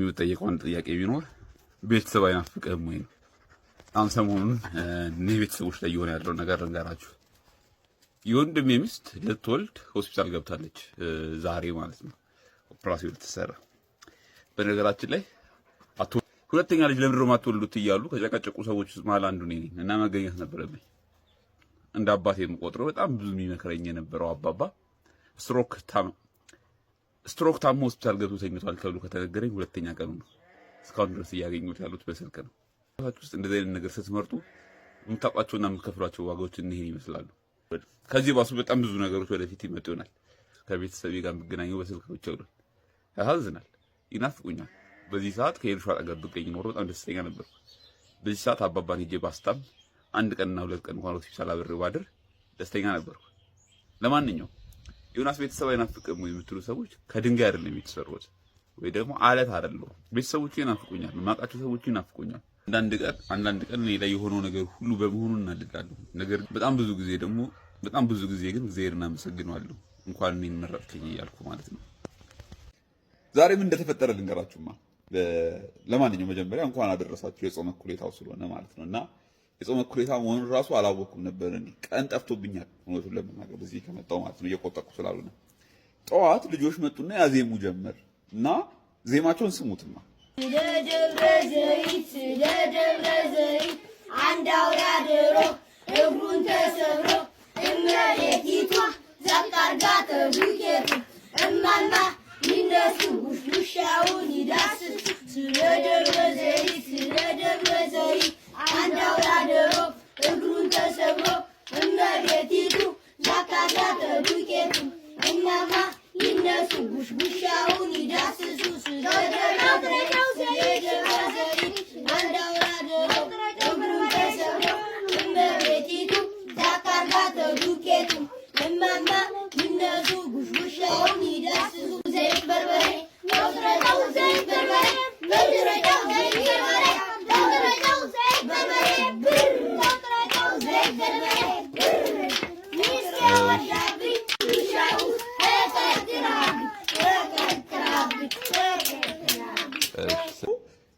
የሚጠየቀው አንድ ጥያቄ ቢኖር ቤተሰብ አይናፍቅህም ወይ ነው። አሁን ሰሞኑን እኔ ቤተሰቦች ላይ እየሆነ ያለው ነገር ልንገራችሁ። የወንድሜ ሚስት ልትወልድ ሆስፒታል ገብታለች፣ ዛሬ ማለት ነው። ኦፕራሲዮን ልትሰራ በነገራችን ላይ አቶ ሁለተኛ ልጅ ለምድሮ ማትወልዱት እያሉ ከጨቀጨቁ ሰዎች መሀል አንዱ ነኝ እና መገኘት ነበረብኝ። እንደ አባቴ የምቆጥረው በጣም ብዙ የሚመክረኝ የነበረው አባባ ስትሮክ ስትሮክ ታሞ ሆስፒታል ገብቶ ተኝቷል ተብሎ ከተነገረኝ ሁለተኛ ቀኑ ነው። እስካሁን ድረስ እያገኙት ያሉት በስልክ ነው። ውስጥ እንደዚህ አይነት ነገር ስትመርጡ የምታውቋቸውና የምትከፍሏቸው ዋጋዎች እነዚህን ይመስላሉ። ከዚህ ባሱ በጣም ብዙ ነገሮች ወደፊት ይመጡ ይሆናል። ከቤተሰብ ጋር የምገናኘው በስልክ ብቻ ይሆናል። ያሳዝናል፣ ይናፍቁኛል። በዚህ ሰዓት ከኤልሹ አጠገብ ብገኝ ኖሮ በጣም ደስተኛ ነበር። በዚህ ሰዓት አባባን ሄጄ ባስታም አንድ ቀንና ሁለት ቀን እንኳን ሆስፒታል አብሬው ባድር ደስተኛ ነበርኩ። ለማንኛውም ዮናስ ቤተሰብ አይናፍቅም ወይ የምትሉ ሰዎች ከድንጋይ አይደለም የሚተሰሩት ወይ ደግሞ አለት አይደለም። ቤተሰቦቹ ይናፍቁኛል፣ የማውቃቸው ሰዎች ይናፍቁኛል። አንዳንድ ቀን አንዳንድ ቀን እኔ ላይ የሆነው ነገር ሁሉ በመሆኑ እናድዳለሁ። ነገር በጣም ብዙ ጊዜ ደግሞ በጣም ብዙ ጊዜ ግን እግዚአብሔር እናመሰግነዋለሁ እንኳን እኔን መረጥከኝ እያልኩ ማለት ነው። ዛሬ ምን እንደተፈጠረ ልንገራችሁማ። ለማንኛውም መጀመሪያ እንኳን አደረሳችሁ የጾመ ኩሌታው ስለሆነ ማለት ነው እና የጾም እኩሌታ መሆኑን ራሱ አላወቅኩም ነበር። ቀን ጠፍቶብኛል እውነቱን ለመናገር በዚህ ከመጣሁ ማለት ነው እየቆጠቁ ስላሉ ጠዋት ልጆች መጡና ያዜሙ ጀመር እና ዜማቸውን ስሙትማ ስለ ደብረ ዘይት ስለ ደብረ ዘይት አንድ አውራ እግሩን ተሰብሮ ዘቃርጋ እማማ ይነሱ ውሻውን ይዳስስ ስለ ደብረ ዘይት ስለ ደብረ ዘይት አንድ አውራ ዶሮ እግሩን ተሰብሮ እመቤቲቱ ዛካታ ዱቄቱ እነማ ይነሱ ጉሽጉሻውን ይዳስሱ ስጋ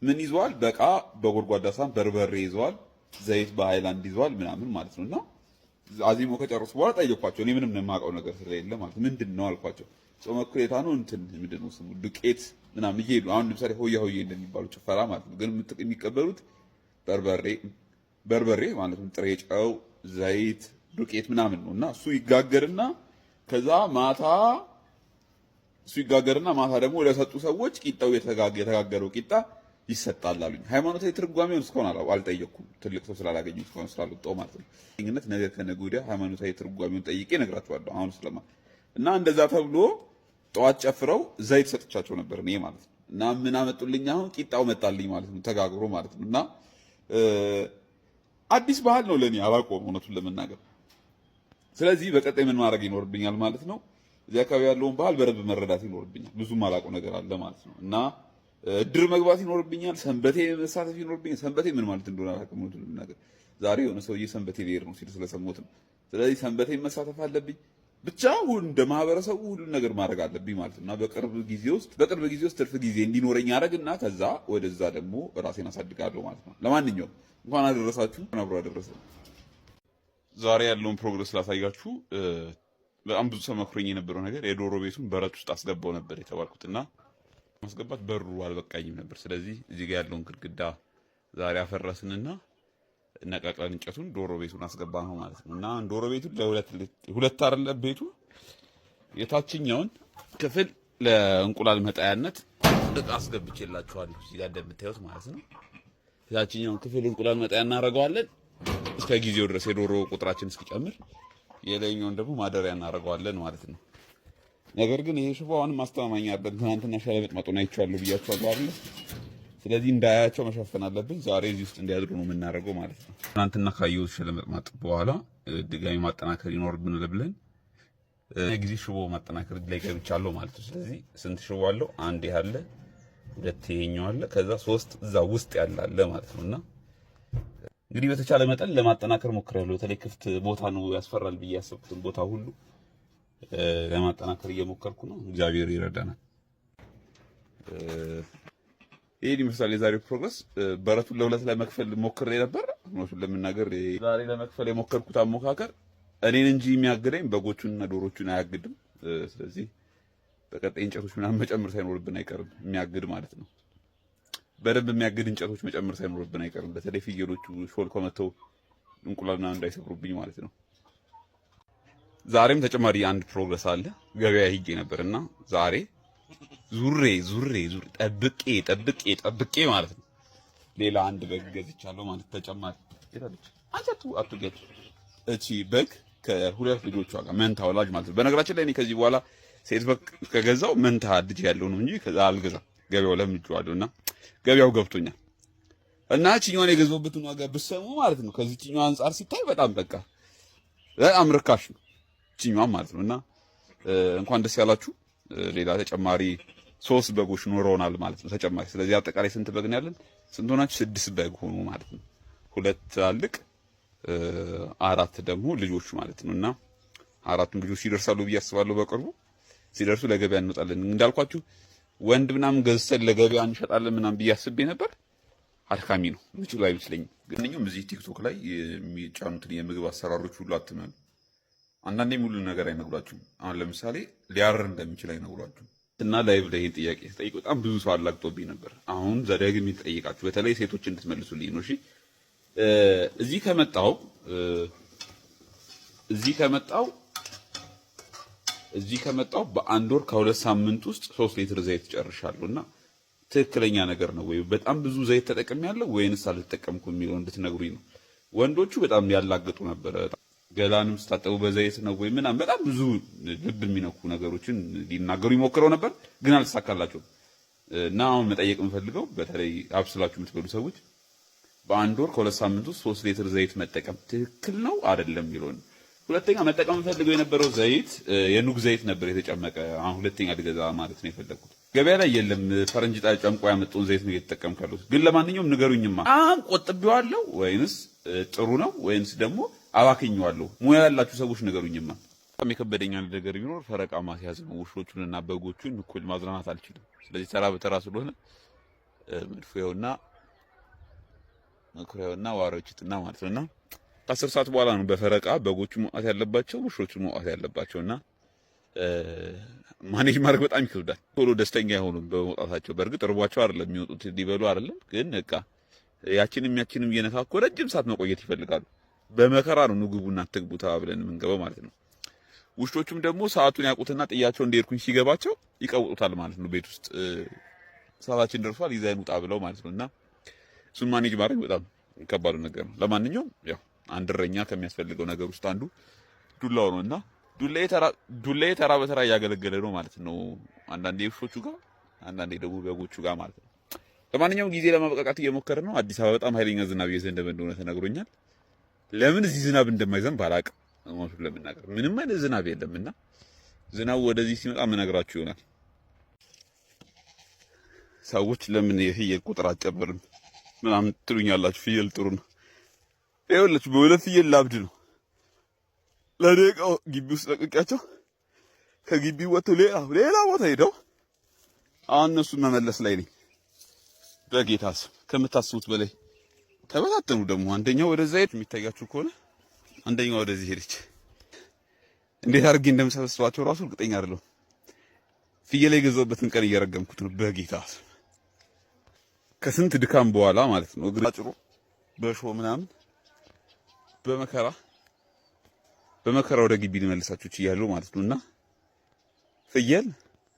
ምን ይዘዋል? በቃ በጎድጓዳ ሳህን በርበሬ ይዘዋል፣ ዘይት በሃይላንድ ይዘዋል ምናምን ማለት ነው። እና አዚሞ ከጨረሱ በኋላ ጠየኳቸው። እኔ ምንም የማውቀው ነገር ስለሌለ ማለት ምንድን ነው አልኳቸው። ጾመ ኩሌታ ነው እንትን ምንድን ነው ስሙ ዱቄት ምናምን እየሄዱ አሁን ለምሳሌ ሆያ ሆዬ እንደሚባሉ ጭፈራ ማለት ነው። ግን የሚቀበሉት በርበሬ በርበሬ ማለት ነው ጥሬ ጨው፣ ዘይት፣ ዱቄት ምናምን ነው እና እሱ ይጋገርና ከዛ ማታ እሱ ይጋገርና ማታ ደግሞ ለሰጡ ሰዎች ቂጣው የተጋገረው ቂጣ ይሰጣል አሉኝ። ሃይማኖታዊ ትርጓሜውን እስካሁን አልጠየቅኩም። ትልቅ ሰው ስላላገኙ እስካሁን ስላልወጣሁ ማለት ነው። ግንኙነት ነገ ከነገ ወዲያ ሃይማኖታዊ ትርጓሜውን ጠይቄ እነግራችኋለሁ። አሁን ስለማ እና እንደዛ ተብሎ ጠዋት ጨፍረው ዘይት ሰጥቻቸው ነበር እኔ ማለት ነው። እና ምን አመጡልኝ? አሁን ቂጣው መጣልኝ ማለት ነው፣ ተጋግሮ ማለት ነው። እና አዲስ ባህል ነው ለእኔ አላውቀውም፣ እውነቱን ለመናገር። ስለዚህ በቀጣይ ምን ማድረግ ይኖርብኛል ማለት ነው። እዚህ አካባቢ ያለውን ባህል በደንብ መረዳት ይኖርብኛል። ብዙም አላውቀው ነገር አለ ማለት ነው እና እድር መግባት ይኖርብኛል። ሰንበቴ መሳተፍ ይኖርብኛል። ሰንበቴ ምን ማለት እንደሆነ አላውቅም። ነገር ዛሬ የሆነ ሰውዬ ሰንበቴ ብሄር ነው ሲሉ ስለሰሞት ነው። ስለዚህ ሰንበቴ መሳተፍ አለብኝ። ብቻ እንደ ማህበረሰቡ ሁሉ ነገር ማድረግ አለብኝ ማለት ነው። እና በቅርብ ጊዜ ውስጥ በቅርብ ጊዜ ውስጥ ትርፍ ጊዜ እንዲኖረኝ ያደረግ ከዛ ወደዛ ደግሞ ራሴን አሳድጋለሁ ማለት ነው። ለማንኛውም እንኳን አደረሳችሁ፣ አብሮ አደረሰ። ዛሬ ያለውን ፕሮግረስ ላሳያችሁ። በጣም ብዙ ሰው መክሮኝ የነበረው ነገር የዶሮ ቤቱን በረት ውስጥ አስገባው ነበር የተባልኩት እና ማስገባት በሩ አልበቃኝም ነበር። ስለዚህ እዚህ ጋር ያለውን ግድግዳ ዛሬ አፈረስንና ነቀቅለን እንጨቱን ዶሮ ቤቱን አስገባ ነው ማለት ነው። እና ዶሮ ቤቱን ለሁለት አይደለ ቤቱ የታችኛውን ክፍል ለእንቁላል መጣያነት እቃ አስገብቼላችኋለሁ። እዚህ ጋር እንደምታዩት ማለት ነው። የታችኛውን ክፍል እንቁላል መጣያ እናደርገዋለን እስከ ጊዜው ድረስ የዶሮ ቁጥራችን እስኪጨምር፣ የላይኛውን ደግሞ ማደሪያ እናደርገዋለን ማለት ነው። ነገር ግን ይሄ ሽፎ አሁንም ማስተማማኝ አለብን። ትናንትና ሸለበጥ መጡን አይቼዋለሁ ብያቸዋለሁ አይደል? ስለዚህ እንዳያቸው መሸፈን አለብኝ። ዛሬ እዚህ ውስጥ እንዲያድሩ ነው የምናደርገው ማለት ነው። ትናንትና ካየሁት ሸለበጥ ማጥ በኋላ ድጋሚ ማጠናከር ይኖርብን ብለን ጊዜ ሽቦ ማጠናከር ላይ ገብቻለሁ ማለት ነው። ስለዚህ ስንት ሽቦ አለው? አንድ ያለ ሁለት ይሄኛው አለ፣ ከዛ ሶስት እዛ ውስጥ ያለ ማለት ነውና እንግዲህ በተቻለ መጠን ለማጠናከር ሞክራለሁ። በተለይ ክፍት ቦታ ነው ያስፈራል ብዬ ያሰብኩትን ቦታ ሁሉ ለማጠናከር እየሞከርኩ ነው። እግዚአብሔር ይረዳናል። ይሄን ይመስላል የዛሬው ፕሮግረስ። በረቱን ለሁለት ለመክፈል ሞክሬ ነበር። እውነቱን ለመናገር ዛሬ ለመክፈል የሞከርኩት አሞካከር እኔን እንጂ የሚያግደኝ በጎቹንና ዶሮቹን አያግድም። ስለዚህ በቀጣይ እንጨቶች ምናምን መጨመር ሳይኖርብን አይቀርም፣ የሚያግድ ማለት ነው። በደንብ የሚያግድ እንጨቶች መጨመር ሳይኖርብን አይቀርም። በተለይ ፍየሎቹ ሾልኮ መተው እንቁላልና እንዳይሰብሩብኝ ማለት ነው። ዛሬም ተጨማሪ አንድ ፕሮግረስ አለ። ገበያ ሂጄ ነበርና ዛሬ ዙሬ ዙሬ ዙሬ ጠብቄ ጠብቄ ጠብቄ ማለት ነው። ሌላ አንድ በግ ገዝቻለሁ ማለት ተጨማሪ ይላለች። አቱ አትገጭ እቺ በግ ከሁለት ልጆቿ ጋር መንታ ወላጅ ማለት ነው። በነገራችን ላይ እኔ ከዚህ በኋላ ሴት በግ ከገዛው መንታ ልጅ ያለው ነው እንጂ ከዛ አልገዛ ገበያው ለምጄዋለሁና ገበያው ገብቶኛል። እና እቺኛዋን የገዛሁበትን ዋጋ ብትሰሙ ማለት ነው ከዚህ ከዚህኛው አንጻር ሲታይ በጣም በቃ በጣም ርካሽ ነው። እችኛዋም ማለት ነው። እና እንኳን ደስ ያላችሁ። ሌላ ተጨማሪ ሶስት በጎች ኖረውናል ማለት ነው ተጨማሪ። ስለዚህ አጠቃላይ ስንት በግ ነው ያለን? ስንት ሆናችሁ? ስድስት በግ ሆኑ ማለት ነው። ሁለት ትላልቅ፣ አራት ደግሞ ልጆች ማለት ነው። እና አራቱም ልጆች ይደርሳሉ ብዬ አስባለሁ። በቅርቡ ሲደርሱ ለገበያ እንወጣለን። እንዳልኳችሁ ወንድ ምናምን ገዝተን ለገበያ እንሸጣለን ምናምን ብዬ አስቤ ነበር። አድካሚ ነው። ምችሉ አይመስለኝም። ግንኙም እዚህ ቲክቶክ ላይ የሚጫኑትን የምግብ አሰራሮች ሁሉ አትመኑ። አንዳንዴ ሙሉ ነገር አይነግሯችሁም። አሁን ለምሳሌ ሊያርር እንደሚችል አይነግሯችሁም። እና ላይቭ ላይ ይህን ጥያቄ ስጠይቅ በጣም ብዙ ሰው አላግጦብኝ ነበር። አሁን ዘዳግም ጠይቃችሁ በተለይ ሴቶች እንድትመልሱልኝ ነው። እሺ እዚህ ከመጣው እዚህ ከመጣው እዚህ ከመጣው በአንድ ወር ከሁለት ሳምንት ውስጥ ሶስት ሊትር ዘይት ጨርሻለሁ እና ትክክለኛ ነገር ነው ወይ በጣም ብዙ ዘይት ተጠቅሜያለሁ ወይንስ አልተጠቀምኩም የሚለው እንድትነግሩኝ ነው። ወንዶቹ በጣም ያላግጡ ነበረ። ገላንም ስታጠቡ በዘይት ነው ወይ ምናምን በጣም ብዙ ልብ የሚነኩ ነገሮችን ሊናገሩ ይሞክረው ነበር፣ ግን አልተሳካላቸውም። እና አሁን መጠየቅ የምፈልገው በተለይ አብስላችሁ የምትበሉ ሰዎች በአንድ ወር ከሁለት ሳምንት ውስጥ ሶስት ሊትር ዘይት መጠቀም ትክክል ነው አይደለም የሚለውን። ሁለተኛ መጠቀም የምፈልገው የነበረው ዘይት የኑግ ዘይት ነበር የተጨመቀ። አሁን ሁለተኛ ልገዛ ማለት ነው የፈለግኩት። ገበያ ላይ የለም። ፈረንጅ ጣ ጨምቆ ያመጣውን ዘይት ነው እየተጠቀምኩ ያለሁት። ግን ለማንኛውም ንገሩኝማ፣ አሁን ቆጥቤዋለሁ ወይንስ ጥሩ ነው ወይንስ ደግሞ አባክኘዋለሁ። ሙያ ያላችሁ ሰዎች ንገሩኝማ። በጣም የከበደኝ አንድ ነገር ቢኖር ፈረቃ ማስያዝ ነው። ውሾቹን በጎቹን እኩል ማዝናናት አልችልም። ስለዚህ ተራ በተራ ስለሆነ መድፎያውና መኩሪያውና ዋሪዎች ጥና ማለት ነውና ከአስር ሰዓት በኋላ ነው በፈረቃ በጎቹ መውጣት ያለባቸው፣ ውሾቹ መውጣት ያለባቸው ማኔጅ ማድረግ በጣም ይከብዳል። ቶሎ ደስተኛ አይሆኑም በመውጣታቸው። በእርግጥ እርቧቸው አይደለም የሚወጡት ሊበሉ አይደለም፣ ግን በቃ ያችንም ያችንም እየነካኩ ረጅም ሰዓት መቆየት ይፈልጋሉ። በመከራ ነው ንጉቡ እናንተ ተባብለን የምንገባው ማለት ነው። ውሾቹም ደግሞ ሰዓቱን ያውቁትና ጥያቸው እንደሄድኩኝ ሲገባቸው ይቀውጡታል ማለት ነው። ቤት ውስጥ ሰዓታችን ደርሷል ይዘን ውጣ ብለው ማለት ነው። እና እሱን ማኔጅ ማድረግ በጣም ከባዱ ነገር ነው። ለማንኛውም ያው አንድ እረኛ ከሚያስፈልገው ነገር ውስጥ አንዱ ዱላው ነው እና ዱላዬ ተራ በተራ እያገለገለ ነው ማለት ነው። አንዳንዴ ውሾቹ ጋር፣ አንዳንዴ ደግሞ በጎቹ ጋር ማለት ነው። ለማንኛውም ጊዜ ለማበቃቃት እየሞከረ ነው። አዲስ አበባ በጣም ኃይለኛ ዝናብ እየዘነበ እንደሆነ ተነግሮኛል። ለምን እዚህ ዝናብ እንደማይዘንብ አላውቅም። እውነቱን ለመናገር ምንም አይነት ዝናብ የለምና ዝናቡ ወደዚህ ሲመጣ ምነግራችሁ ይሆናል። ሰዎች ለምን የፍየል ቁጥር አጨበርም ምናምን ትሉኛላችሁ። ፍየል ጥሩ ነው። ይኸውላችሁ በሁለት ፍየል ላብድ ነው። ለደቂቃው ግቢ ውስጥ ለቅቄያቸው ከግቢው ወጥተው ሌላ ሌላ ቦታ ሄደው አሁን እነሱን መመለስ ላይ ነኝ። በጌታስ ከምታስቡት በላይ ተበታተኑ። ደግሞ አንደኛው ወደዛ ሄድ፣ የሚታያችሁ ከሆነ አንደኛው ወደዚህ ሄደች። እንዴት አድርጌ እንደምሰበስባቸው እራሱ እርግጠኛ አይደለሁም። ፍየል የገዛሁበትን ቀን እየረገምኩት ነው በጌታ ከስንት ድካም በኋላ ማለት ነው። እግር አጭሮ በሾ ምናምን በመከራ በመከራ ወደ ግቢ ልመልሳችሁ እያለሁ ማለት ነው። እና ፍየል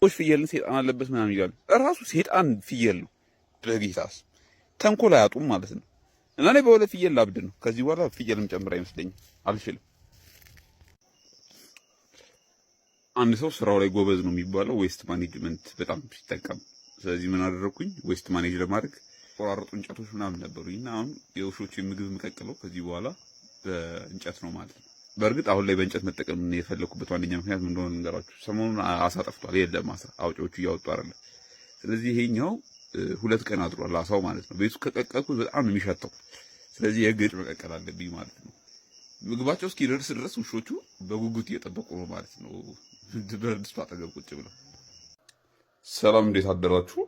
ዎች ፍየልን ሴጣን አለበት ምናምን ይላሉ። እራሱ ሴጣን ፍየል ነው በጌታስ ተንኮል አያጡም ማለት ነው። እና እኔ በሁለት ፍየል ላብድ ነው። ከዚህ በኋላ ፍየልም ጨምር አይመስለኝም፣ አልችልም። አንድ ሰው ስራው ላይ ጎበዝ ነው የሚባለው ዌስት ማኔጅመንት በጣም ሲጠቀም። ስለዚህ ምን አደረኩኝ? ዌስት ማኔጅ ለማድረግ ቆራረጡ እንጨቶች ምናምን ነበሩኝ እና አሁን የውሾች ምግብ የምቀቅለው ከዚህ በኋላ በእንጨት ነው ማለት ነው። በእርግጥ አሁን ላይ በእንጨት መጠቀም የፈለኩበት ዋንደኛ ምክንያት ምን እንደሆነ ልንገራችሁ። ሰሞኑን አሳ ጠፍቷል፣ የለም አሳ አውጪዎቹ እያወጡ አይደለም። ስለዚህ ይሄኛው ሁለት ቀን አጥሯል አሳው ማለት ነው። ቤቱ ከቀቀልኩት በጣም ነው የሚሸተው። ስለዚህ የግድ መቀቀል አለብኝ ማለት ነው። ምግባቸው እስኪደርስ ድረስ ውሾቹ በጉጉት እየጠበቁ ነው ማለት ነው። ብረት አጠገብ ቁጭ ብለው። ሰላም፣ እንዴት አደራችሁ?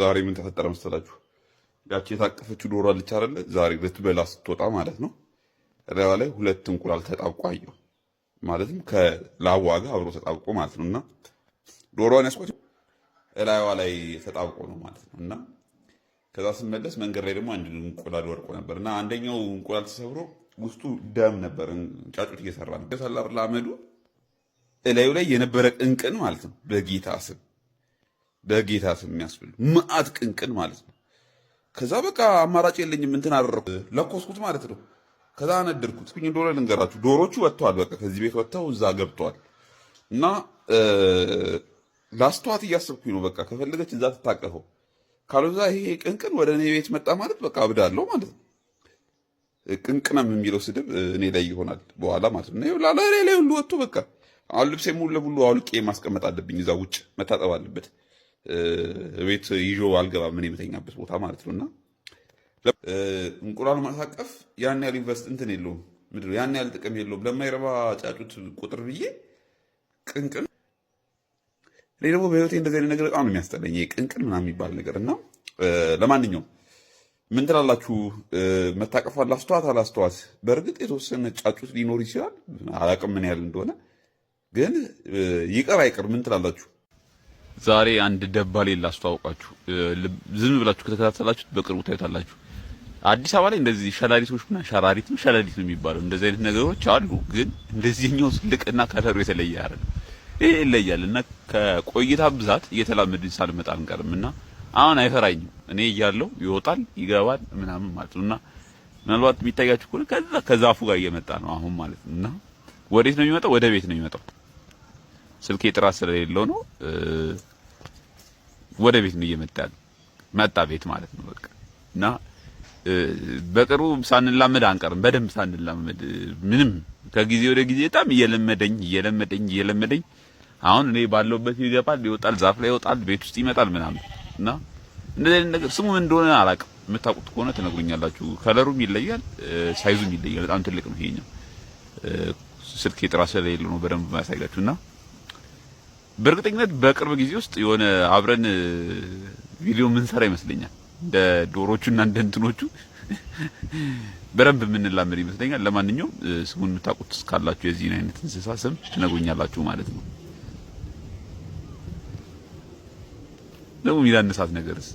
ዛሬ ምን ተፈጠረ መሰላችሁ? ያቺ የታቀፈችው ዶሮ አለች አይደለ? ዛሬ ልትበላ ስትወጣ ማለት ነው እላዋ ላይ ሁለት እንቁላል ተጣብቆ አየሁ። ማለትም ከላቧ ጋር አብሮ ተጣብቆ ማለት ነው እና ዶሮዋን ያስኳቸው እላዩዋ ላይ ተጣብቆ ነው ማለት ነው። እና ከዛ ስመለስ መንገድ ላይ ደግሞ አንድ እንቁላል ወርቆ ነበር እና አንደኛው እንቁላል ተሰብሮ ውስጡ ደም ነበር። ጫጩት እየሰራ ነው ሰላር ላመዱ እላዩ ላይ የነበረ ቅንቅን ማለት ነው። በጌታ ስም በጌታ ስም የሚያስብል መዓት ቅንቅን ማለት ነው። ከዛ በቃ አማራጭ የለኝም እንትን አደረኩ ለኮስኩት ማለት ነው። ከዛ አነድርኩት ኝ ዶሮ ልንገራችሁ፣ ዶሮቹ ወጥተዋል። በቃ ከዚህ ቤት ወጥተው እዛ ገብተዋል እና ላስተዋት እያሰብኩኝ ነው። በቃ ከፈለገች እዛ ትታቀፈው፣ ካልዛ ይሄ ቅንቅን ወደ እኔ ቤት መጣ ማለት በቃ እብዳለሁ ማለት ነው። ቅንቅነም የሚለው ስድብ እኔ ላይ ይሆናል በኋላ ማለት ነው። ላላ ላይ ሁሉ ወጥቶ በቃ አሁን ልብሴ ሙሉ ለሙሉ አውልቄ ማስቀመጥ አለብኝ። እዛ ውጭ መታጠብ አለበት። ቤት ይዞ አልገባም እኔ የምተኛበት ቦታ ማለት ነው። እና እንቁላል ማሳቀፍ ያን ያህል ኢንቨስት እንትን የለውም ምንድን ያን ያህል ጥቅም የለውም። ለማይረባ ጫጩት ቁጥር ብዬ ቅንቅን እኔ ደግሞ በህይወቴ እንደዚህ አይነት ነገር በጣም ነው የሚያስጠላኝ፣ ቅንቅን ምናምን የሚባል ነገር እና ለማንኛውም ምን ትላላችሁ? መታቀፏን አላስተዋት? በእርግጥ የተወሰነ ጫጩት ሊኖር ይችላል፣ አላቅም ምን ያህል እንደሆነ ግን ይቅር አይቅር ምን ትላላችሁ? ዛሬ አንድ ደባሌ ላስተዋውቃችሁ። ዝም ብላችሁ ከተከታተላችሁት በቅርቡ ታዩታላችሁ። አዲስ አበባ ላይ እንደዚህ ሸላሊቶች ምናምን ሸራሪትም ሸላሊት ነው የሚባለው እንደዚህ አይነት ነገሮች አሉ። ግን እንደዚህኛው ትልቅና ከለሩ የተለየ አይደለም። ይህ ይለያል እና ከቆይታ ብዛት እየተላመድን ሳልመጣ አንቀርም እና አሁን አይፈራኝም። እኔ እያለው ይወጣል ይገባል ምናምን ማለት እና ምናልባት የሚታያችሁ ከሆነ ከዛ ከዛፉ ጋር እየመጣ ነው አሁን ማለት እና ወዴት ነው የሚመጣው? ወደ ቤት ነው የሚመጣው። ስልኬ ጥራት ስለሌለው ነው። ወደ ቤት ነው እየመጣ ያለው። መጣ ቤት ማለት ነው በቃ እና በቅርቡ ሳንላመድ አንቀርም። በደንብ ሳንላመድ ምንም ከጊዜ ወደ ጊዜ በጣም እየለመደኝ እየለመደኝ እየለመደኝ አሁን እኔ ባለውበት ይገባል፣ ይወጣል፣ ዛፍ ላይ ይወጣል፣ ቤት ውስጥ ይመጣል ምናምን እና እንደዚህ አይነት ነገር ስሙ ምን እንደሆነ አላውቅም። የምታውቁት ከሆነ ትነግሩኛላችሁ። ከለሩም ይለያል፣ ሳይዙም ይለያል። በጣም ትልቅ ነው ይሄኛው። ስልክ የጥራ ስለሌለ ነው በደንብ የማያሳያችሁ እና በእርግጠኝነት በቅርብ ጊዜ ውስጥ የሆነ አብረን ቪዲዮ የምንሰራ ይመስለኛል። እንደ ዶሮቹና እንደ እንትኖቹ በደንብ የምንላመድ ይመስለኛል። ለማንኛውም ስሙን የምታውቁት ካላችሁ የዚህን አይነት እንስሳ ስም ትነግሩኛላችሁ ማለት ነው። ደግሞ የሚዳንሳት ነገርስ